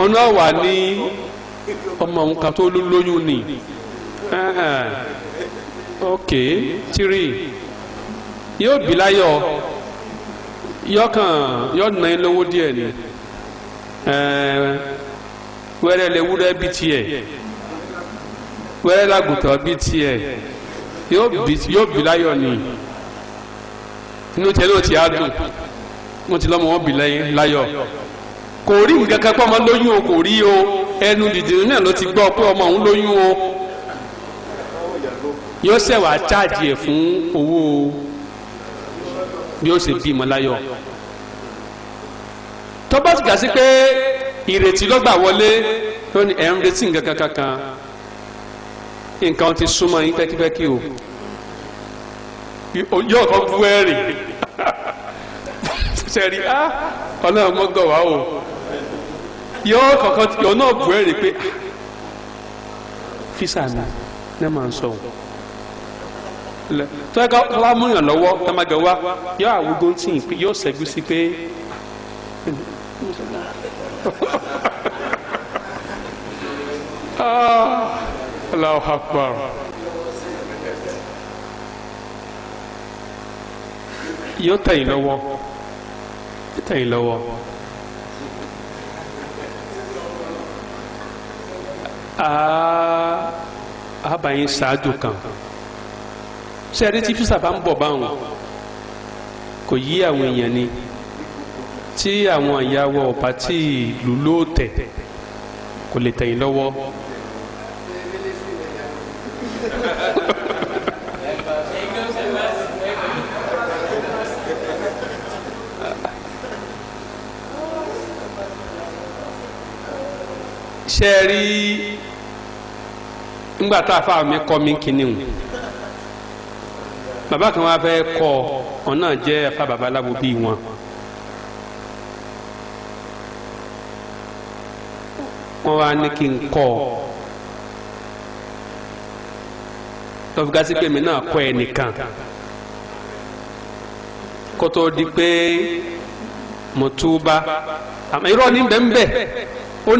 ọ̀nà wà ní ọmọ nǹkan tó lóyún ni ok three yóò bí láyọ̀ yọ kàn yọ nà ẹ́ lówó díẹ̀ ni wẹ́rẹ́ lewúrẹ́ bí tiẹ̀ wẹ́rẹ́ làgùtàn bí tiẹ̀ yóò bí láyọ̀ ni inú tẹ ló ti á dùn mo ti lọ́mọ wọn bí láyọ̀ kò rí nǹkan kan pé ọmọ lóyún o kò rí o ẹnu dìdìrín náà ló ti gbọ́ pé ọmọ òun lóyún o yóò ṣẹ̀wá cháàjì ẹ̀ fún owó bí ó ṣe bímọ láyọ̀ tó bá ti gà sí pé ìrètí lọ́gbà wọlé ló ní ẹ̀ ń retí nǹkan kan kankan nǹkan ti súnmọ́ yín pẹ́kípẹ́kí o yóò kọ́ bú ẹ̀rìn sẹ́rí ah, ọlọ́run mọ́gàn wá o yóò kọ̀ọ̀kan yóò náà bú ẹ̀rì pé ah, físà mi ní màá sọ òun tọ́ka lámúyàn lọ́wọ́ tamagawa yóò àwùjọ tí ì pé yóò ṣẹ́gun sí pé ah, Allahu Akbar yóò tẹ̀yìn lọ́wọ́ yóò tẹ̀yìn lọ́wọ́. a bá yín ṣáájú kan sẹ́ẹ̀rí tí físà bá ń bọ̀ báwọn kò yí àwọn èèyàn ni tí àwọn ìyàwó ọ̀pá tí ìlú ló tẹ̀ kò lè tẹ̀yìn lọ́wọ́. ṣe ńgbà tá a fa mi kọ́ mi kìíní o bàbá kan wá fẹ́ kọ́ ọ náà jẹ́ afa babaláwo bíi wọn. wọ́n wá ní kí n kọ́ ọ tọ́fíkásí pé mi náà kọ́ ẹ nìkan kó di pé mo túbá àmọ́ irọ́ ní bẹ́ẹ̀ bẹ́ẹ̀ ó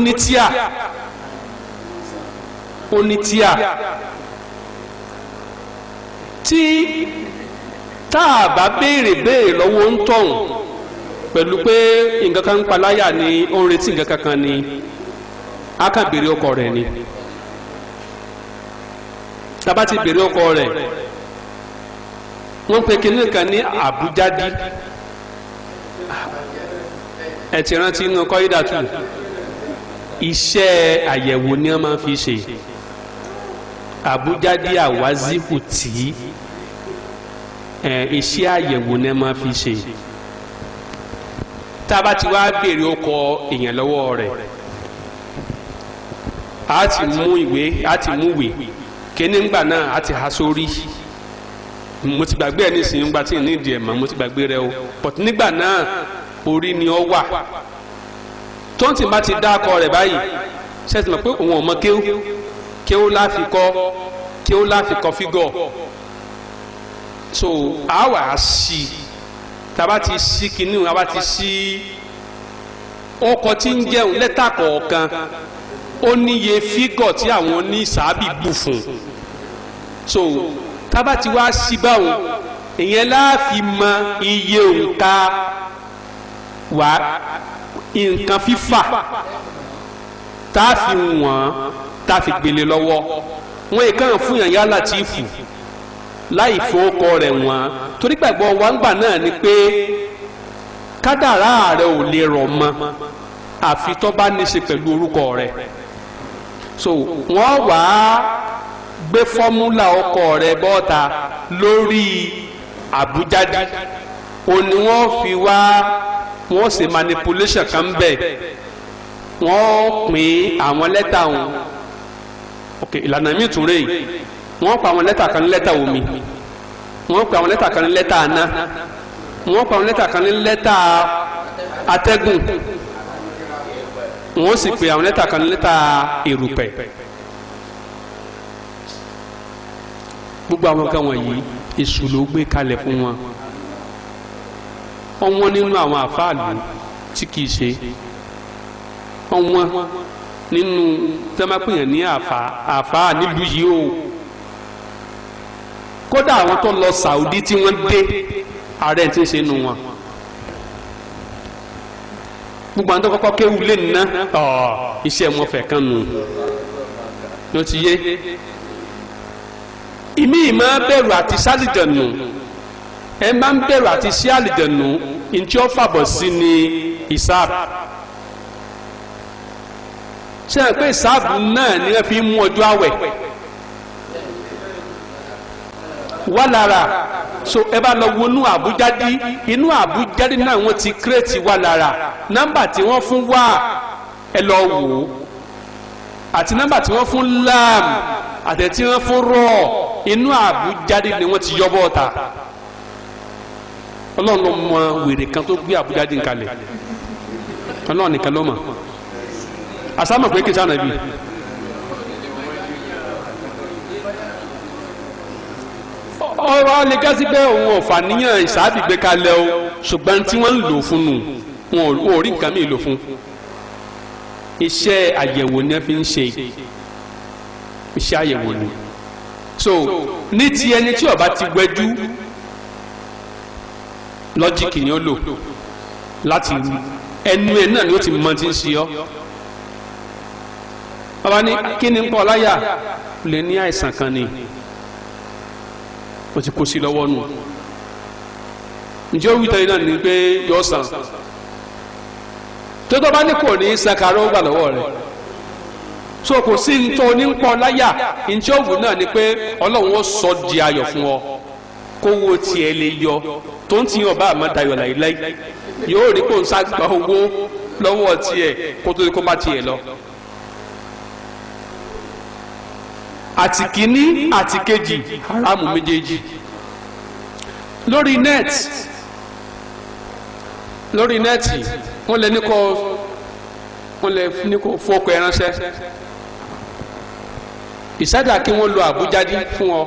onítìá tí tá a bá béèrè béèrè lọ́wọ́ ń tọ̀hún pẹ̀lú pé nǹkan kan ń paláyà ni ó ń retí nǹkan kankan ni a kàn béèrè ọkọ rẹ̀ ni tábà ti béèrè ọkọ rẹ̀ wọ́n pe kinní kan ní àbújáde ẹ ti rántí inú kọ́ ìdàtú iṣẹ́ àyẹ̀wò ni wọ́n máa fi ṣe àbújáde àwázìkù tí iṣẹ́ àyẹ̀wò náà máa fi ṣe tá a bá ti wá béèrè ọkọ èèyàn lọ́wọ́ rẹ̀ a ti mú ìwé a ti mú ìwé kíní náà a ti há sórí mo ti gbàgbé ẹ e nísìnyí ńgbà tí ì ní ìdí e mo ti gbàgbé rẹ o but nígbà náà orí ni ọ wà tóun ti bá ti dá akọ rẹ̀ báyìí ṣe é ti mọ̀ pé òun ò mọ kéwù kéwú láfi kọ́ kéwú láfi kọ́ fígọ̀ so àwa sí tàbá ti sí kinní àbá ti sí ọkọ̀ tí ń jẹun lẹ́tà kọ̀ọ̀kan ó níye fígọ̀ tí àwọn ní sàábì bù fún so taba ti wàá sí báwọn ìyẹn láàfin mọ iye òǹkà wà nǹkan fífà tá a fi wọ́n tá a fi gbélé lọ́wọ́ wọn èèkàn fún yàn yálà tí ì fù láì fowókọ rẹ̀ wọ́n torí gbàgbọ́ wa ń gbà náà ni pé kádàrá rẹ̀ ò lè rọ̀ mọ́ àfi tó bá ní í ṣe pẹ̀lú orúkọ rẹ̀ so wọ́n wá gbé fọ́múlà ọkọ rẹ̀ bọ́ta lórí àbújáde òní wọ́n fi wá wọ́n ṣe manipulation kan bẹ́ẹ̀ wọ́n pín àwọn lẹ́tà wọn ok ìlànà mi tún rèé wọ́n pa àwọn lẹ́tà kan ní lẹ́tà omi wọ́n pa àwọn lẹ́tà kan ní lẹ́tà aná wọ́n pa àwọn lẹ́tà kan ní lẹ́tà atẹ́gùn wọ́n sì pe àwọn lẹ́tà kan ní lẹ́tà erùpẹ̀ gbogbo àwọn kan wọ̀nyí èṣù ló gbé kalẹ̀ fún wọn ọwọ́n nínú àwọn àfáàlú tí kìí ṣe ọ̀wọ́n nínú tẹ́mápìyàn ní àfà àfà nílùú yìí o kódà àwọn tó lọ Saudi tí wọ́n dé ààrẹ tí ń ṣe nu wọn gbogbo àwọn tó kọ́kọ́ kéwu lé nná ọ̀ iṣẹ́ wọn fẹ̀ kan nù ló ti yé ìmí ìmọ̀ bẹ̀rù àti sálìjẹ̀nù ẹ máa ń bẹ̀rù àti sí àlìjẹ̀nù ntí ó fàbọ̀ sí ni isaac ṣe é pé ìsáàbù náà ni wọ́n fi mú ọjọ́ àwẹ̀ wà lára so ẹ bá lọ wo inú àbújáde inú àbújáde náà wọ́n ti kírètì wà lára nọ́mbà tí wọ́n fún wà ẹ lọ wò ó àti nọ́mbà tí wọ́n fún lam àti tí wọ́n fún rọ inú àbújáde ni wọ́n ti yọ bọ́ ọ̀ta mọ wèrè kan tó gbé àbújáde kalẹ̀ ọlọ́run nìkan ló mọ̀ asámọ̀ pé kìí sànàbí ọ̀rọ̀ alegasi bẹ́ẹ̀ òun ọ̀fà níyàn ìsáàbìgbé kalẹ̀ o ṣùgbọ́n tí wọ́n ń lò fún nù wọn ò rí nǹkan mìíràn lò fún iṣẹ́ àyẹ̀wò ni wọ́n fi ń ṣe iṣẹ́ àyẹ̀wò ni so ní ti ẹni tí ọba ti gbẹjú lọ́jíìkì ni ó lò láti ẹnu ẹ náà ni ó ti mọ ti ń ṣe ọ́. bàbá ní kí ni ń kọ́ láyà lè ní àìsàn kan ni wọ́n ti kó sí lọ́wọ́ nù ǹjẹ́ ó wí tẹ́lẹ̀ náà ni pé yọ sàn tó tó bá ní kò ní sakarọ́ gbà lọ́wọ́ rẹ̀ so kò sí ntọ́ onípọ̀ láyà ǹjẹ́ òwú náà ni pé ọlọ́run ó sọ di ayọ̀ fún ọ kówó tiẹ̀ lè yọ tó ń tiyàn bá àmọ́ dayọ̀ láìláì yóò rí kó ń sá gba owó lọ́wọ́ tiẹ̀ kó tó ní kó bá tiẹ̀ lọ. àti kínní àti kejì haramu méjèèjì lórí net lórí nẹ́ẹ̀tì wọ́n lè ní kó wọ́n lè ní kó fọ́ọ̀kù ẹ ránṣẹ́ ìsádà kí wọ́n lo Àbújá dí fún ọ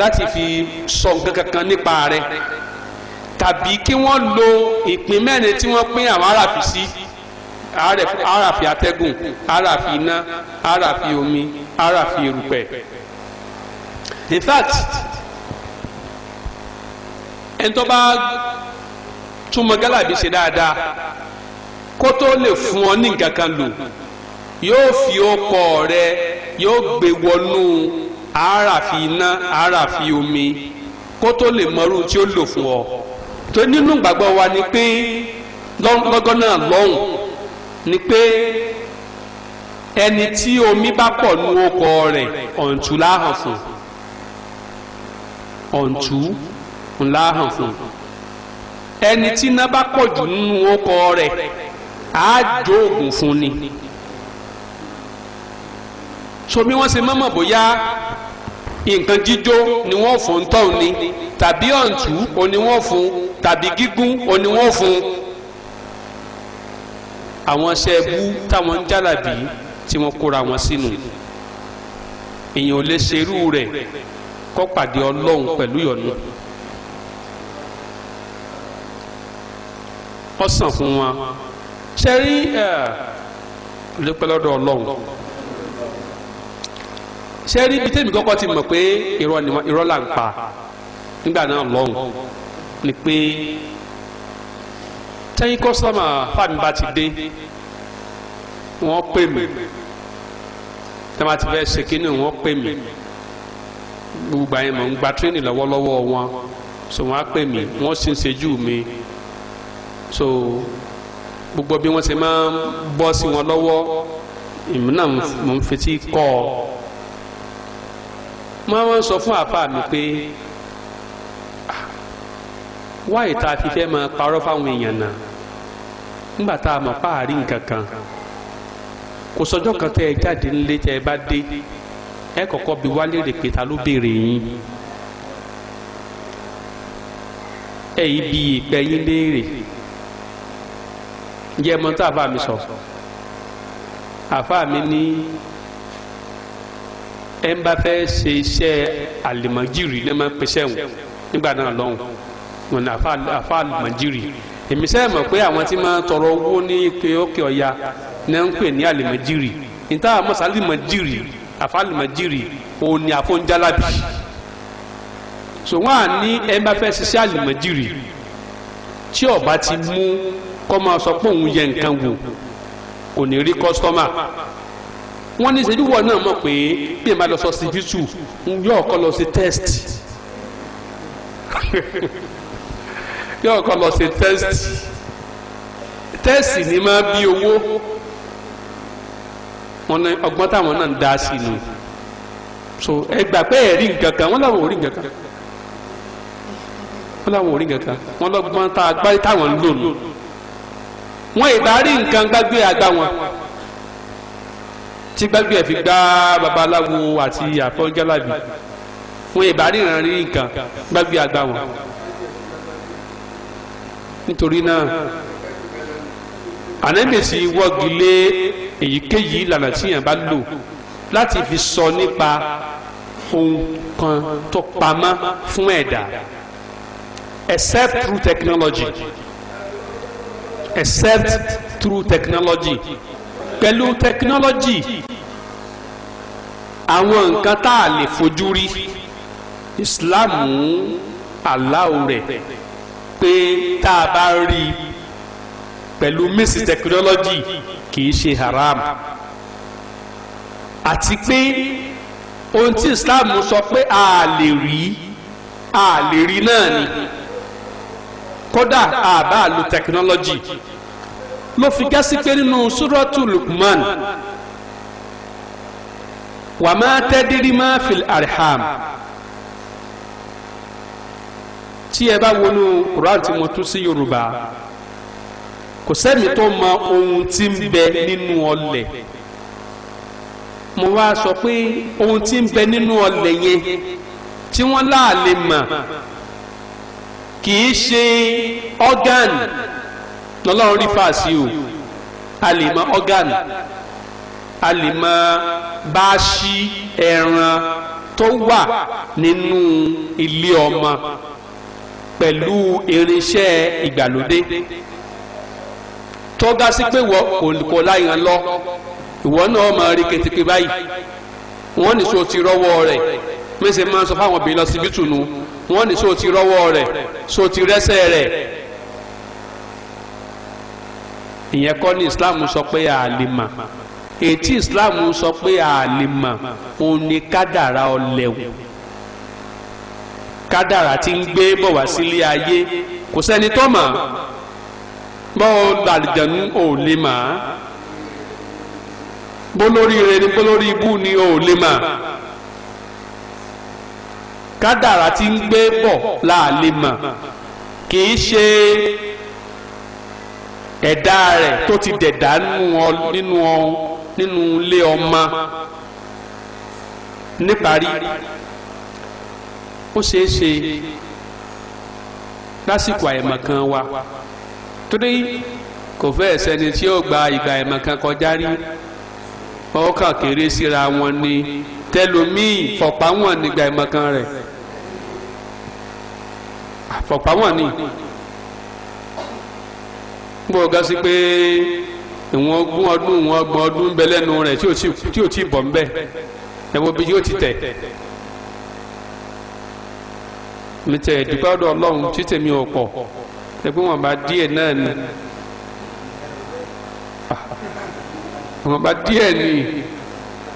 láti fi sọ nǹkan kankan nípa rẹ tàbí kí wọ́n lo ìpín mẹ́rin tí wọ́n pín àwọn aráàfin sí. Si ara fi atẹ́gùn ara fi iná ara omi ara fi in fact ẹni tó bá túmọ̀ gálàbí ṣe dáadáa kó tó lè fún ọ ní nǹkan kan lò yóò fi ọkọ rẹ yóò gbé wọnú ara iná ara omi kó tó lè mọrú tí ó lò fún ọ tó nínú ìgbàgbọ́ wa ni pé lọ́gọ́ náà lọ́hùn ni pé ẹni tí omi bá pọ̀ nu okọ rẹ̀ ọ̀ǹtù láhàn fún ọ̀ǹtù láhàn fún ẹni tí iná bá pọ̀ jù nínú okọ rẹ̀ àájò ògùn fún ni so bí wọ́n ṣe mọ́mọ́ bóyá nǹkan jíjó ni wọ́n fún tọ́hún ni tàbí ọ̀ǹtù òní wọ́n fún tàbí gígùn òní wọ́n fún àwọn sẹ́ẹ̀bù táwọn ń jálàbí tí wọ́n kóra wọn sínú èèyàn ò lè ṣerú rẹ̀ kó pàdé ọlọ́run pẹ̀lú yọ̀nù ó sàn fún wọn ṣe rí lópẹ́ lọ́dọ̀ ọlọ́run ṣe rí ibi tẹ́mi kọ́kọ́ ti mọ̀ pé irọ́ là ń pa nígbà náà lọ́hùn ni pé tẹ́yìn kọ́sọ́mà fáàmì bá ti dé wọ́n pè mí tẹ́lá ti fẹ́ ṣe kínní wọ́n pè mí gbogbo àyẹn mọ̀ ń gba tírénì lọ́wọ́lọ́wọ́ wọn so wọ́n á pè mí wọ́n sì ń ṣejú mi so gbogbo bí wọ́n ṣe máa ń bọ́ sí wọn lọ́wọ́ èmi náà mò ń fetí kọ́ ọ wọ́n wọ́n sọ fún àfa mi pé ah, wáyé tá a fi fẹ́ máa parọ́ fáwọn èèyàn náà nígbà tá a mọ̀ páàrí nǹkan kan kò sọjọ́ kan tẹ́ ẹ jáde nílé tẹ́ ẹ bá dé ẹ kọ́kọ́ bi wálé rè pé ta ló béèrè yín ẹ yìí bi ìpẹ́ yín léèrè ǹjẹ́ ẹ mọ̀ àfa mi sọ àfa mi ní ẹ ń bá fẹ́ ṣe iṣẹ́ àlìmọ́jìrì lẹ́mọ́ pẹ́sẹ́ wọn nígbà náà lọ́hùn wọn ni àfa àlìmọ́jìrì èmi sẹ́yìn mọ̀ pé àwọn tí máa ń tọrọ owó ní ike òkè ọ̀ya náà ń pè ní àlèmọ̀jírì níta àmọ́ sálìmọ̀jírì àfàlìmọ̀jírì òun ni àfọ̀njálàbì so wọn à ní ẹ bá fẹ́ ṣiṣẹ́ àlèmọ̀jírì tí ọba ti mú kọ́ máa sọ pé òun yẹ nǹkan wò kò ní rí kọ́sítọ́mà wọ́n ní ìṣèjúwọ̀ náà mọ̀ pé bí ẹ máa lọ sọ síbítù yóò kọ́ lọ sí test yóò kọ́ lọ ṣe tẹ́sítì tẹ́sítì ni máa bí owó ọgbọ́n táwọn náà ń dá sí nu so ẹ gbà pé ẹ̀rí nǹkan kan wọ́n láwọn ò rí nǹkan kan wọ́n láwọn ò rí nǹkan kan wọ́n lọ́gbọ́n tá a gbá táwọn ń lò nù wọ́n ìdarí nǹkan gbàgbé àgbà wọn tí gbàgbé ẹ̀ fi gbá babaláwo àti àfọ́jálàbí wọ́n ìdarí ìrànlẹ́ nǹkan gbàgbé àgbà wọn nítorí náà ànábìsí wọ́gi lé èyíkéyìí ìlànà tí yẹn bá lò láti fi sọ nípa ohun kan tó pamọ́ fún ẹ̀dá except through technology except through technology pẹ̀lú technology àwọn nǹkan tá a lè fojú rí Islam aláwọ̀ rẹ̀ pé tá a bá rí i pẹ̀lú mísì tẹkinọ́lọ́jì kì í ṣe haram àti pé ohun tí Islam sọ pé a lè rí a lè rí náà ni kódà a bá lo tẹkinọ́lọ́jì ló fi gásí pé nínú súrọ́tù Luqman wàmátẹ́dírí máa fil arham tí ẹ bá wọnú Quran tí mo tú sí Yorùbá kò sẹ́ni tó mọ ohun tí ń bẹ nínú ọlẹ̀ mo wá sọ pé ohun tí ń bẹ nínú ọlẹ̀ yẹn tí wọ́n láàlè mọ̀ kì í ṣe ọ́gán lọ́lọ́run rí fàásì o a lè mọ ọ́gán ẹran tó wà nínú ilé ọmọ pẹ̀lú irinṣẹ́ ìgbàlódé tó ga sí pé wọ́n kò láyàn lọ ìwọ náà máa rí ketekete báyìí wọ́n ní so ti rọ́wọ́ rẹ̀ mẹ́sẹ̀ máa ń sọ fáwọn obìnrin lọ síbi tùnú wọ́n ní so ti rọ́wọ́ rẹ̀ so ti rẹ́sẹ̀ rẹ̀ ìyẹn kọ́ ni Islam sọ pé àlìmà ètí Islam sọ pé àlìmà òun ni kádàrá ọlẹ́wọ̀n kádàrà tí ń gbé bọ̀ wá sílé ayé kò sẹ́ni tó mọ̀ bọ́ọ̀ làlìjẹ̀nu ò lè mà á bólórí ire ni bólórí ibú ni ò lè mà á kádàrà tí ń gbé bọ̀ láàlè mà kì í ṣe ẹ̀dá rẹ̀ tó ti dẹ̀dá nínú ilé ọmọ níparí ó ṣeé ṣe lásìkò àìmọ̀ kan wa torí kò fẹ́ sẹ́ni tí ó gba ìgbà àìmọ̀ kan kọjá rí ọkàn kéré síra wọn ni tẹlòmíì fọ̀pá wọn nígbà àìmọ̀ kan rẹ̀ fọ̀pá wọn ni gbọ́ ga sí pé ìwọ̀n ogún ọdún ìwọ̀n ọgbọ̀n ọdún ń bẹ lẹ́nu rẹ̀ tí ò tí bọ̀ ń bẹ ẹ̀wọ̀n bí yóò ti tẹ̀ mi tẹ ìdúpẹ́ ọ̀dọ̀ ọlọ́run ò pọ̀ ẹgbẹ́ wọn bá díẹ̀ náà ni wọn bá díẹ̀ ni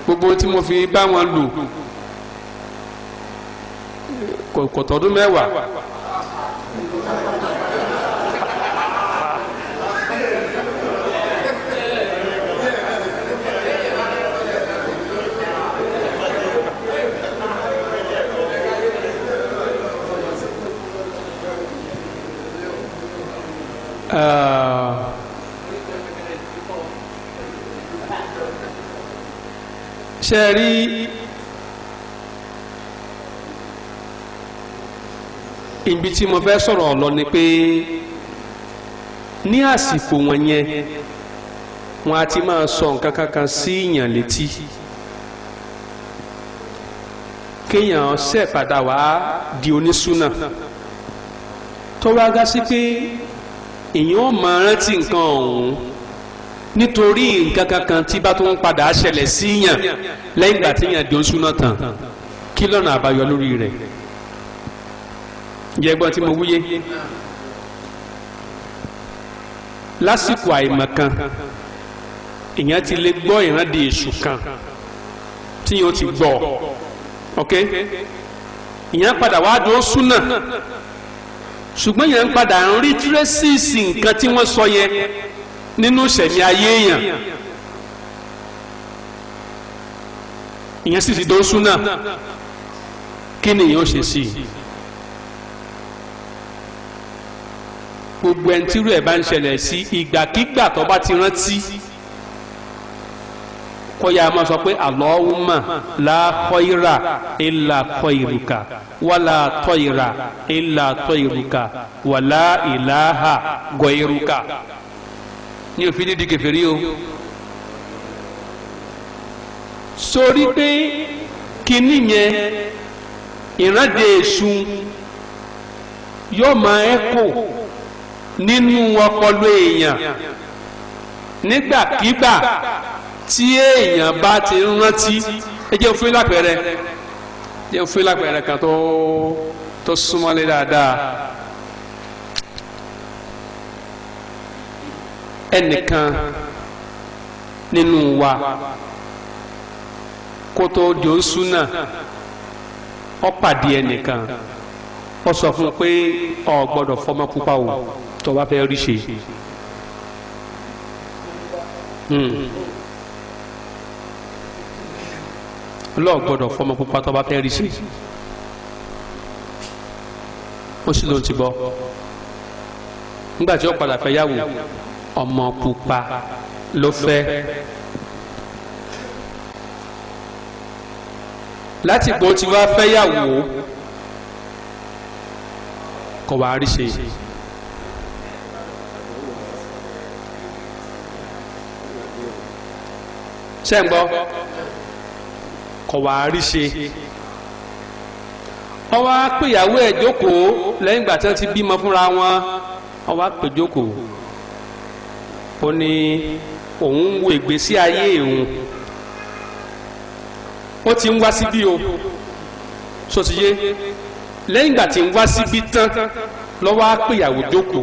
gbogbo tí mo fi bá wọn lò kò tọdún Uh, ṣe rí ibi tí mo fẹ́ sọ̀rọ̀ lọ ni pé ní àsìkò wọn yẹn wọn a ti máa sọ nǹkan kankan sí ìyàn létí kéèyàn ṣe padà wá di onísúnà tó wá gá sí pé èyàn ò máa rántí nǹkan ọ̀hún nítorí nǹkan kankan tí bá tó ń padà ṣẹlẹ̀ sí yàn lẹ́yìn ìgbà tí yàn di oṣù náà tán kí lọ́nà àbáyọ lórí rẹ̀ yẹgbọ́n tí mo wúyé lásìkò àìmọ̀kan èyàn ti lè gbọ́ ìrántí èṣù kan tí yóò ti gbọ́ ok ìyẹn padà wá dúró súnà ṣùgbọ́n yẹn ń padà ń rí tírẹ́sìsì nǹkan tí wọ́n sọ yẹn nínú ìṣẹ̀mí ayé èèyàn ìyẹn sì ti dóṣù náà kí ni èèyàn ṣe sí i gbogbo ẹni tírú ẹ̀ bá ń ṣẹlẹ̀ sí ìgbàkígbà tó bá ti rántí kóyà máa sọ pé Allahumma la khaira illa khairuka wala tayra illa tayruka wala ilaha ghairuka ní òfin ní di kèfèrí o sórí pé kinní yẹn ìrádìí èṣù yóò máa ẹ́ kò nínú ọpọlọ èèyàn nígbàkigbà tí èèyàn bá ti ń rántí ẹ jẹ́ fún lápẹ̀rẹ̀ jẹ́ fún lápẹ̀rẹ̀ kan tó tó súnmọ́lé dáadáa ẹnìkan nínú wa kótó di oṣù náà ó pàdé ẹnìkan ó sọ fún un pé ọ gbọ́dọ̀ fọmọ pupa o tó bá fẹ́ rí ṣe. Hmm. ọlọ́ọ̀ gbọ́dọ̀ fọmọ pupa tó bá fẹ́ rí sí ó sì ló ń ti bọ́ nígbà tí ó padà fẹ́ yàwó ọmọ pupa ló fẹ́ láti gbọ́ tí wàá fẹ́ yàwó kò rí ṣe. ṣé kọ̀ wá rí ṣe ọwọ́ apèyàwó ẹ̀ jókòó lẹ́yìn ìgbà tí wọ́n ti bímọ fúnra wọn ọwọ́ apèjókòó ó ní òun ń wo ìgbésí ayé òun ó ti ń wá síbí o sotiye lẹ́yìn ìgbà tí ń wá síbí tán lọ́wọ́ apèyàwó jókòó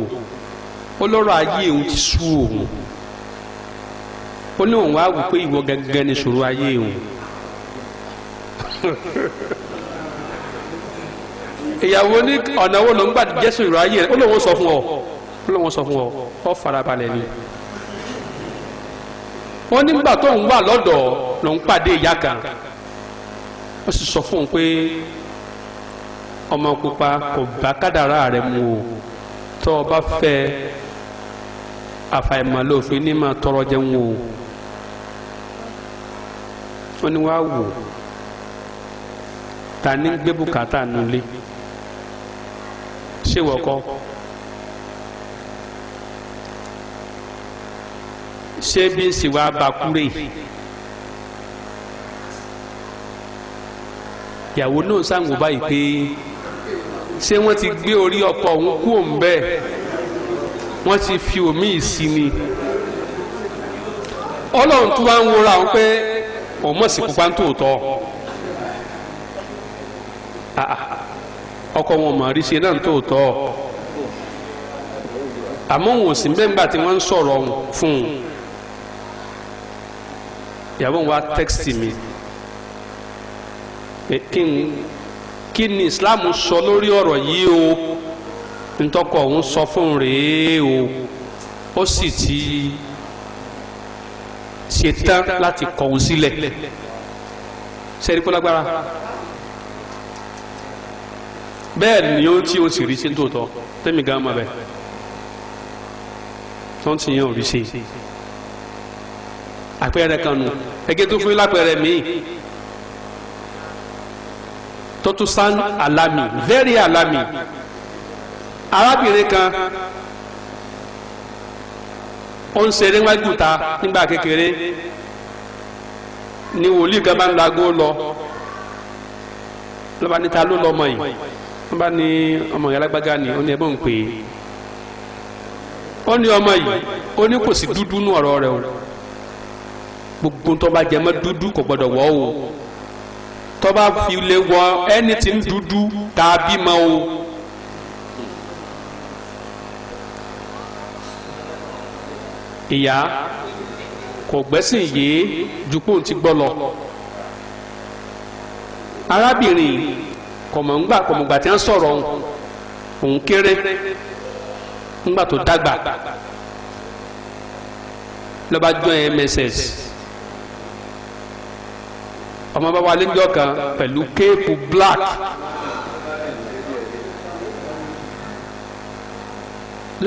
ó lọ́rọ̀ ayé òun ti sú òun ó ní òun wá wò pé ìwọ gangan ni ìṣòro ayé òun. ìyàwó ní ọ̀nà wo ló ń gbà jésù ìrọ̀ ayé rẹ̀ ó lóun sọ fún ọ ó lóun sọ fún ọ ọ farabalẹ̀ ni wọ́n nígbà tó ń wà lọ́dọ̀ ló ń pàdé ìyá kan ó sì sọ fún un pé ọmọ pupa kò bá kádàrá rẹ̀ mu o tó o bá fẹ́ àfàìmọ̀ lófin ní máa tọrọ jẹun o wọ́n ní wàá wò ó ta ní gbé bùkátà nulẹ̀ ṣé wọ́kọ́ ṣé bí ń sì wá bakúrè ìyàwó náà sáwọn báyìí pé ṣé wọ́n ti gbé orí ọkọ òun kú òun bẹ́ẹ̀ wọ́n ti fi omi ìsí ọlọ́run tó wá ń wúra òun pé òun mọ̀ sí pupa ń tòótọ́. ọkọ wọn mọ̀ rí ṣe náà tó tọ́ àmọ́ wọn ò sí mẹ́ńgbà tí wọ́n ń sọ̀rọ̀ fún un ìyàwó wa tẹ́kìtì mi kí n kí ni Islam sọ lórí ọ̀rọ̀ yìí o ntọ́kọ òun sọ fún un rèé o ó sì ti ṣetán láti kọ̀ òun sílẹ̀ ṣe kó lágbára bẹ́ẹ̀ ni ó tí ó sì rí sí tòótọ́ tẹ́mi gan mọ̀ bẹ́ẹ̀ tó ń tiyàn ò rí sí àpẹẹrẹ kan nù ẹgẹ́ tó fún yín lápẹẹrẹ míì tó alami, sán alámì very alámì arábìnrin kan ó ń ṣeré wájú ta nígbà kékeré ni wòlíì kan bá ń lagó lọ lọ́ba níta ló lọ́mọ yìí wọ́n bá ní ọmọ ìyá alágbága ni ó ní ẹ̀bọ́n pè é ó ní ọmọ yìí ó ní kò sí dúdú nú ọ̀rọ̀ rẹ̀ o gbogbo tó bá jẹ mọ́ dúdú kò gbọ́dọ̀ wọ̀ o tó bá fi lè wọ ẹni tí ń dúdú tàbí mọ́ o. ìyá kò gbẹ́sìn yìí ju ti gbọ́ lọ arábìnrin kọ̀mọ̀ngbà kọ̀mọ̀ngbà tí wọ́n sọ̀rọ̀ òun kéré ńgbà tó dàgbà lọ́ba join mss ọmọ bá wà lẹ́jọ́ kan pẹ̀lú kéèpù black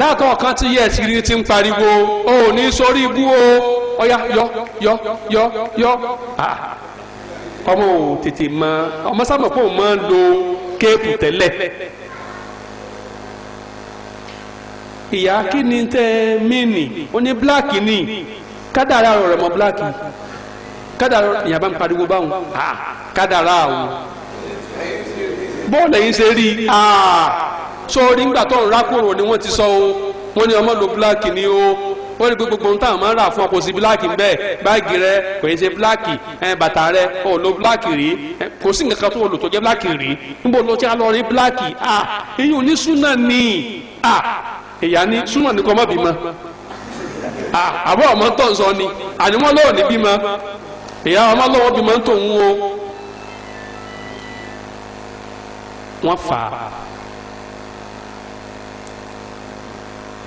látọ̀ kan ti yẹ ẹ̀sìrì ti ń pariwo o ò ní sórí ibú o ọ̀ya yọ yọ yọ yọ. Ah kọ́mọ òun tètè mọ ọmọ sábà kó máa ń lo kéèpù tẹ́lẹ̀ ìyá kí ni tẹ́ mínì ó ní bíláàkì ni kádàrá rẹ̀ mọ́ bíláàkì kádàrá ìyá bá ń pariwo báwọn kádàrá àwọn bọ́ọ̀lù yìí ṣe rí i sọ orí ńgbà tó ń rákòrò ni wọ́n ti sọ wọ́n ní ọmọ lo bíláàkì ni o. o rí i gbogbo ohun táwọn máa ń rà fún ọ kò sí bíláàkì ń bẹ́ẹ̀ báàgì rẹ kò ṣe bíláàkì bàtà rẹ lo bíláàkì rí kò sí nǹkan tó lò tó jẹ́ bíláàkì rí níbo ló a lọ rí bíláàkì à èyí ní súnà ni à èyà ni súnà ni kò má bímọ àbọ̀ ọmọ tó ń sọ ni lọ́wọ́ ní bímọ ọmọ lọ́wọ́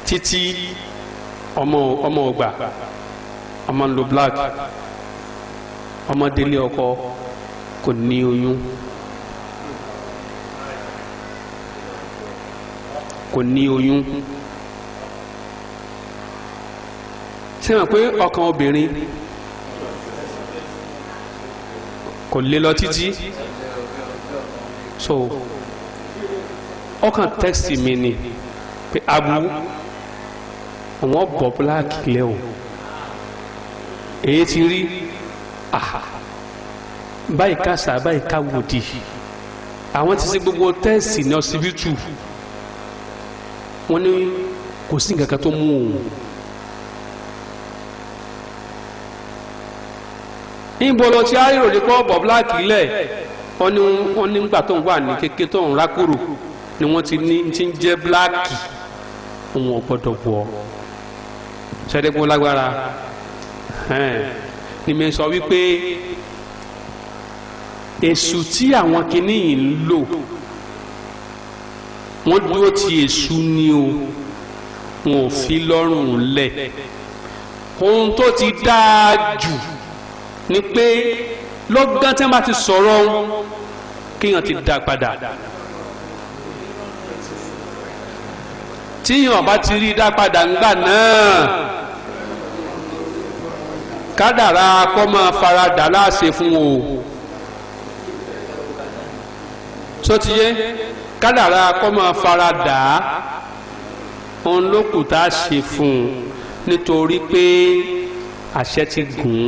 títí. ọmọ ọmọ ọgbà ọmọ ń lo black ọmọ délé ọkọ kò ní oyún kò ní oyún ṣé wọn pé ọkàn obìnrin kò lè lọ títí so ọkàn tẹ́kìtì mi ni pé abu wọ́n bọ̀ búláàkì lẹ́wọ̀n èyí ti rí àhà báyìí kásá báyìí káwòdì àwọn ti ṣe gbogbo tẹ́ẹ̀sì ní ọsibítù wọ́n ní kò sí nǹkan kan tó mú òun. níbolo tí ayọ̀rọ̀ ní kọ́ bọ̀ búláàkì lẹ̀ wọ́n ní gbà tó ń wà ní kéke tó ń rákòrò ni wọ́n ti ní ti ń jẹ́ búláàkì òun ò gbọ́dọ̀ ọ́ sẹ́dẹ́gbọ́n lágbára nìmí sọ wípé èṣù tí àwọn kinní yìí ń lò wọ́n dúró ti èṣù ni o wọn ò fi lọ́rùn lẹ̀ ohun tó ti dáa jù ni pé lọ́gán tí wọ́n bá ti sọ̀rọ̀ kéèyàn ti dá padà tíyàn bá ti rí dá padà ńgbà náà kádàrá kọ́ máa faradà láàṣẹ fún o sotiye kádàrá kọ́ máa faradà òun ló kù tá a ṣe fún un nítorí pé àṣẹ ti gùn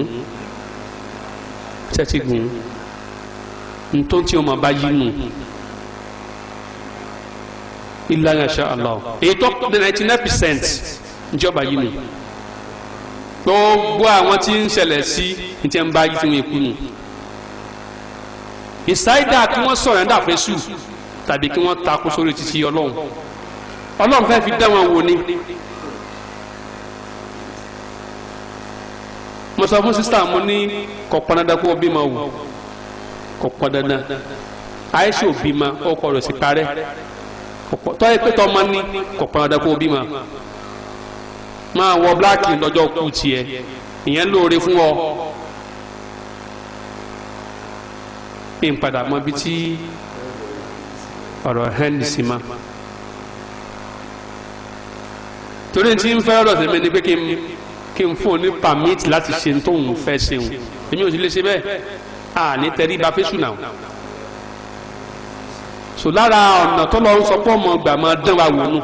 àṣẹ ti gùn ún tí o máa bá yí nù illa insha Allah èyí tó ninety nine percent ìjọba yí nù. gbogbo àwọn tí ń ṣẹlẹ̀ sí ní ti ń bá yìí tí wọ́n mu ìsáídà kí wọ́n sọ̀rẹ́ńdà fẹ́sù tàbí kí wọ́n takú sórí títí ọlọ́run ọlọ́run fẹ́ fi dá wọn wò ni mo sọ fún sísá mo ní kò dandan kó o wò dandan àìsí òbí ma ọkọ rẹ̀ sì ma ní dandan máa wọ bíláàkì lọ́jọ́ kú tiẹ̀ ìyẹn lóore fún ọ. mi ń padà mọ ibi tí ọ̀rọ̀ hẹ́ndì sí ma torí tí ń fẹ́ ọ̀rọ̀ tèmi ni pé kí n fún un ní pàmìtì láti ṣe tóun fẹ́ ṣeun èmi ò sì lè ṣe bẹ́ẹ̀ à ní tẹrí ba fésù náà so lára ọ̀nà tó lọ ń sọ pé ọmọ ọgbà máa dán wa wò nù.